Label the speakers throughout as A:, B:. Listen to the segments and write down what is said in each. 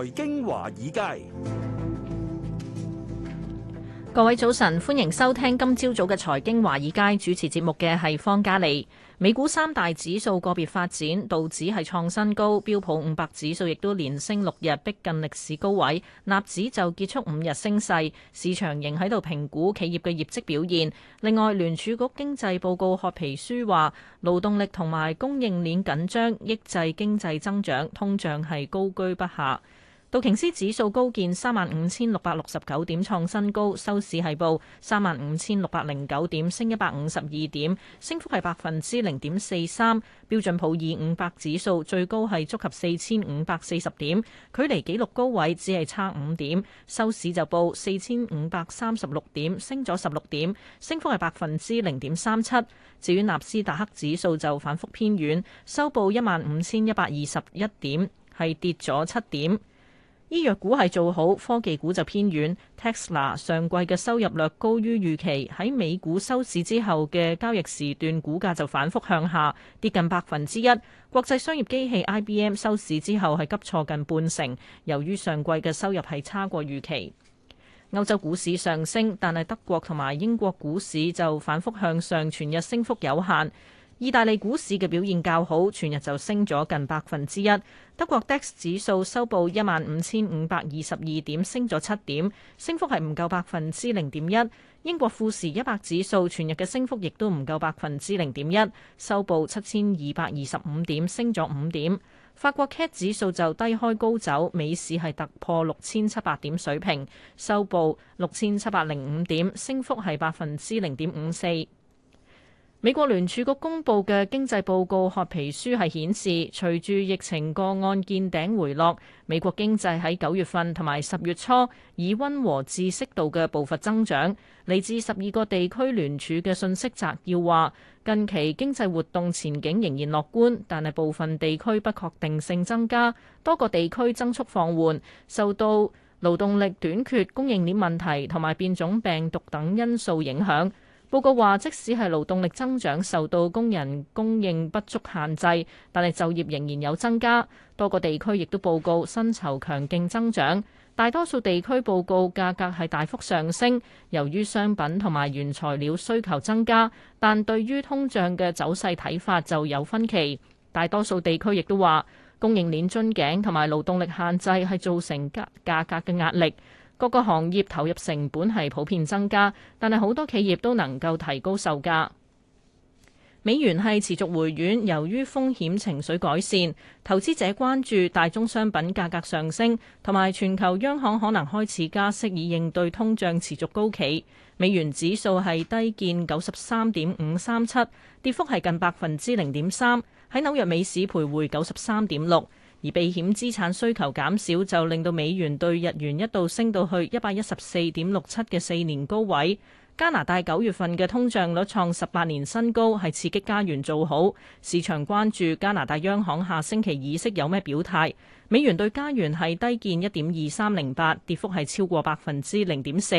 A: 財經華爾
B: 街，各位早晨，歡迎收聽今朝早嘅財經華爾街，主持節目嘅係方嘉利。美股三大指數個別發展，道指係創新高，標普五百指數亦都連升六日，逼近歷史高位。納指就結束五日升勢，市場仍喺度評估企業嘅業績表現。另外，聯儲局經濟報告褐皮書話，勞動力同埋供應鏈緊張，抑制經濟增長，通脹係高居不下。道瓊斯指數高見三萬五千六百六十九點，創新高，收市係報三萬五千六百零九點，升一百五十二點，升幅係百分之零點四三。標準普爾五百指數最高係觸及四千五百四十點，距離紀錄高位只係差五點，收市就報四千五百三十六點，升咗十六點，升幅係百分之零點三七。至於納斯達克指數就反覆偏軟，收報一萬五千一百二十一點，係跌咗七點。醫藥股係做好，科技股就偏軟。Tesla 上季嘅收入略高於預期，喺美股收市之後嘅交易時段，股價就反覆向下跌近百分之一。國際商業機器 IBM 收市之後係急挫近半成，由於上季嘅收入係差過預期。歐洲股市上升，但係德國同埋英國股市就反覆向上，全日升幅有限。意大利股市嘅表現較好，全日就升咗近百分之一。德國 DAX 指數收報一萬五千五百二十二點，升咗七點，升幅係唔夠百分之零點一。英國富時一百指數全日嘅升幅亦都唔夠百分之零點一，收報七千二百二十五點，升咗五點，法國 CAC 指數就低開高走，美市係突破六千七百點水平，收報六千七百零五點，升幅係百分之零點五四。美國聯儲局公佈嘅經濟報告褐皮書係顯示，隨住疫情個案見頂回落，美國經濟喺九月份同埋十月初以溫和至適度嘅步伐增長。嚟自十二個地區聯儲嘅信息摘要話，近期經濟活動前景仍然樂觀，但係部分地區不確定性增加，多個地區增速放緩，受到勞動力短缺、供應鏈問題同埋變種病毒等因素影響。報告話，即使係勞動力增長受到工人供應不足限制，但係就業仍然有增加。多個地區亦都報告薪酬強勁增長，大多數地區報告價格係大幅上升，由於商品同埋原材料需求增加。但對於通脹嘅走勢睇法就有分歧。大多數地區亦都話，供應鏈樽頸同埋勞動力限制係造成價價格嘅壓力。各個行業投入成本係普遍增加，但係好多企業都能夠提高售價。美元係持續回軟，由於風險情緒改善，投資者關注大宗商品價格上升，同埋全球央行可能開始加息以應對通脹持續高企。美元指數係低見九十三點五三七，跌幅係近百分之零點三。喺紐約美市徘徊九十三點六。而避險資產需求減少，就令到美元兌日元一度升到去一百一十四點六七嘅四年高位。加拿大九月份嘅通脹率創十八年新高，係刺激加元做好。市場關注加拿大央行下星期議息有咩表態。美元對加元係低見一點二三零八，跌幅係超過百分之零點四。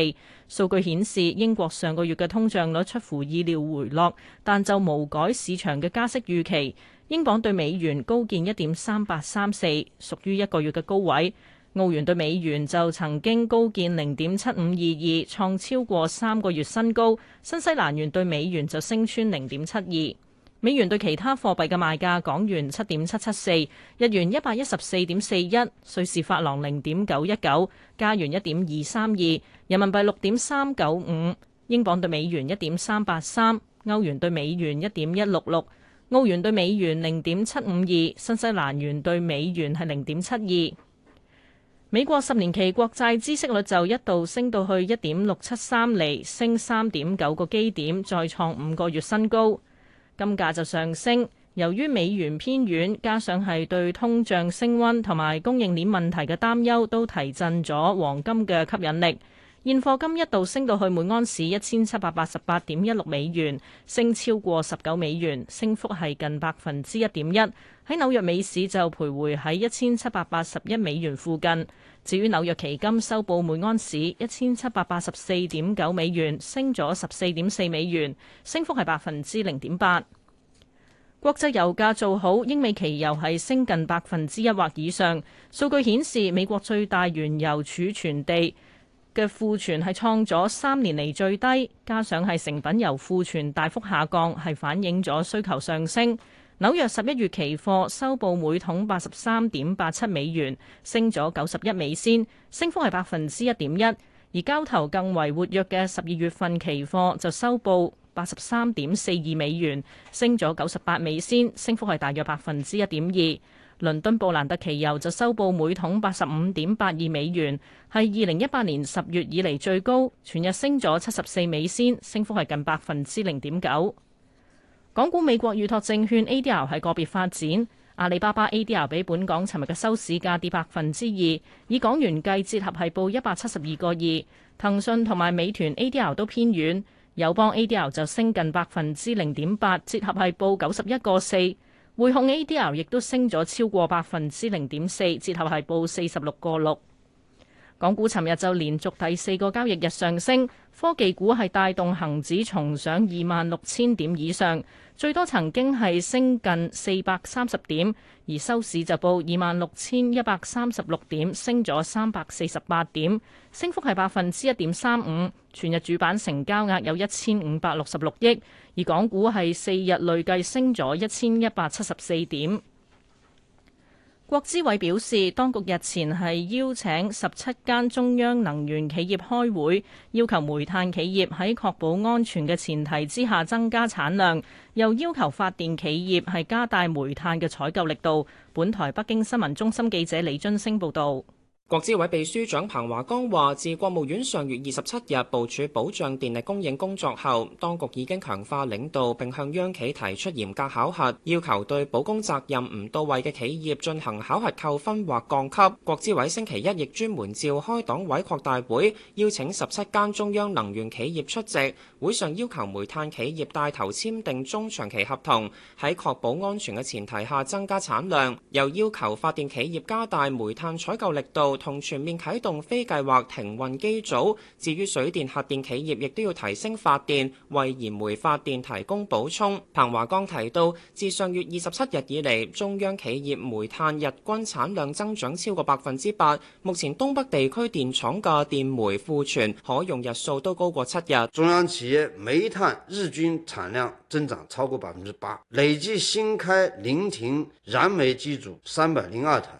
B: 數據顯示，英國上個月嘅通脹率出乎意料回落，但就無改市場嘅加息預期。英鎊對美元高見一點三八三四，屬於一個月嘅高位。澳元對美元就曾經高見零點七五二二，創超過三個月新高。新西蘭元對美元就升穿零點七二。美元對其他貨幣嘅賣價：港元七點七七四，日元一百一十四點四一，瑞士法郎零點九一九，加元一點二三二，人民幣六點三九五，英鎊對美元一點三八三，歐元對美元一點一六六，澳元對美元零點七五二，新西蘭元對美元係零點七二。美國十年期國債孳息率就一度升到去一點六七三厘，升三點九個基點，再創五個月新高。金價就上升，由於美元偏軟，加上係對通脹升溫同埋供應鏈問題嘅擔憂，都提振咗黃金嘅吸引力。現貨金一度升到去每盎司一千七百八十八點一六美元，升超過十九美元，升幅係近百分之一點一。喺紐約美市就徘徊喺一千七百八十一美元附近。至於紐約期金收報每盎司一千七百八十四點九美元，升咗十四點四美元，升幅係百分之零點八。國際油價做好，英美期油係升近百分之一或以上。數據顯示，美國最大原油儲存地嘅庫存係創咗三年嚟最低，加上係成品油庫存大幅下降，係反映咗需求上升。紐約十一月期貨收報每桶八十三點八七美元，升咗九十一美仙，升幅係百分之一點一。而交投更為活躍嘅十二月份期貨就收報八十三點四二美元，升咗九十八美仙，升幅係大約百分之一點二。倫敦布蘭特期油就收報每桶八十五點八二美元，係二零一八年十月以嚟最高，全日升咗七十四美仙，升幅係近百分之零點九。港股美國預託證券 ADR 係個別發展，阿里巴巴 ADR 比本港尋日嘅收市價跌百分之二，以港元計，折合係報一百七十二個二。騰訊同埋美團 ADR 都偏軟，友邦 ADR 就升近百分之零點八，折合係報九十一個四。匯控 A D R 亦都升咗超過百分之零點四，折合係報四十六個六。港股尋日就連續第四個交易日上升，科技股係帶動恒指重上二萬六千點以上，最多曾經係升近四百三十點，而收市就報二萬六千一百三十六點，升咗三百四十八點，升幅係百分之一點三五。全日主板成交額有一千五百六十六億，而港股係四日累計升咗一千一百七十四點。國資委表示，當局日前係邀請十七間中央能源企業開會，要求煤炭企業喺確保安全嘅前提之下增加產量，又要求發電企業係加大煤炭嘅採購力度。本台北京新聞中心記者李津星報道。國資委秘書長彭華崗話，自國務院上月二十七日部署保障電力供應工作
C: 後，當局已經強化領導，並向央企提出嚴格考核，要求對保供責任唔到位嘅企業進行考核扣分或降級。國資委星期一亦專門召開黨委擴大會，邀請十七間中央能源企業出席，會上要求煤炭企業帶頭簽訂中長期合同，喺確保安全嘅前提下增加產量，又要求發電企業加大煤炭採購力度。同全面啟動非計劃停運機組。至於水電、核電企業，亦都要提升發電，為燃煤發電提供補充。彭華剛提到，自上月二十七日以嚟，中央，中央企業煤炭日均產量增長超過百分之八。目前東北地區電廠嘅電煤庫存可用日數都高過七日。中央企業煤炭日均產量增長超過百分之八，累計新開臨停燃煤機組三百零二台。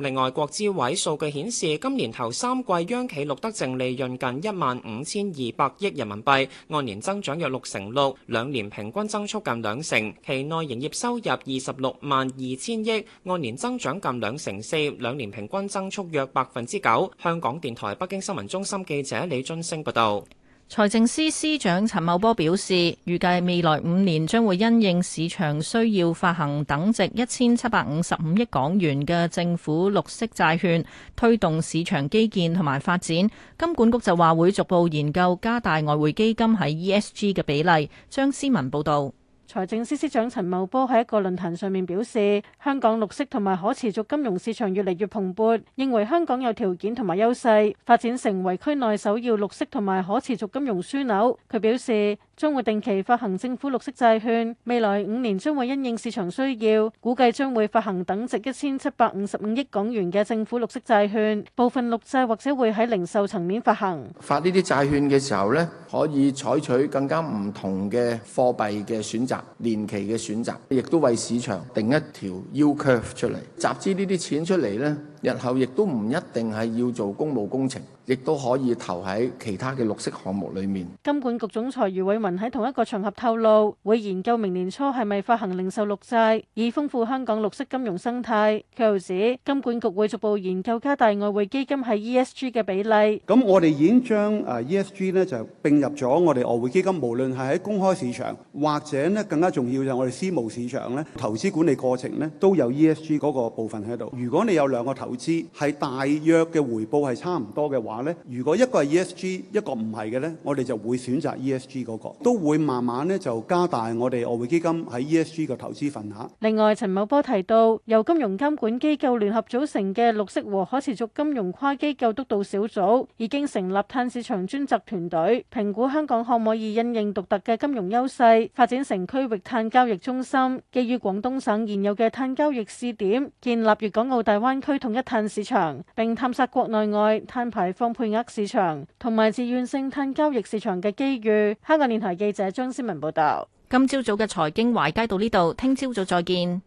C: 另外，國資委數據顯示，今年頭三季央企錄得淨利潤近一萬五千二百億人民幣，按年增長約六成六，兩年平均增速近兩成。期內營業收入二十六萬二千億，按年增長近兩成四，兩年平均增速約百分之九。香港電台北京新聞中心記者李俊升報道。
B: 財政司司長陳茂波表示，預計未來五年將會因應市場需要發行等值一千七百五十五億港元嘅政府綠色債券，推動市場基建同埋發展。金管局就話會逐步研究加大外匯基金喺 ESG 嘅比例。張思文報道。
A: 財政司司長陳茂波喺一個論壇上面表示，香港綠色同埋可持續金融市場越嚟越蓬勃，認為香港有條件同埋優勢發展成為區內首要綠色同埋可持續金融樞紐。佢表示將會定期發行政府綠色債券，未來五年將會因應市場需要，估計將會發行等值一千七百五十五億港元嘅政府綠色債券，部分綠債或者會喺零售層面發行。
C: 發呢啲債券嘅時候呢，可以採取更加唔同嘅貨幣嘅選擇。年期嘅選擇，亦都為市場定一條 U curve 出嚟，集資呢啲錢出嚟咧。日後亦都唔一定係要做公務工程，亦都可以投喺其他嘅綠色項目裏面。
A: 金管局總裁余偉文喺同一個場合透露，會研究明年初係咪發行零售綠債，以豐富香港綠色金融生態。佢又指金管局會逐步研究加大外匯基金喺 ESG 嘅比例。咁我
B: 哋已
C: 經將誒 ESG 咧就並入咗我哋外匯基金，無論係喺公開市場或者咧，更加重要就係我哋私募市場咧，投資管理過程咧都有 ESG 嗰個部分喺度。如果你有兩個投，投資係大約嘅回報係差唔多嘅話呢，如果一個係 ESG，一個唔係嘅呢，我哋就會選擇 ESG 嗰個，都會慢慢呢就加大我哋外匯基金喺 ESG 嘅投資份額。
A: 另外，陳茂波提到，由金融監管機構聯合組成嘅綠色和可持續金融跨機構督導小組已經成立碳市場專責團隊，評估香港可唔可以因應獨特嘅金融優勢，發展成區域碳交易中心，基於廣東省現有嘅碳交易試點，建立粵港澳大灣區統一一碳市場，並探索國內外碳排放配額市場同埋自願性碳交易市場嘅機遇。香港電台記者張思文報道。今
B: 朝早嘅財經華爾街到呢度，聽朝早再見。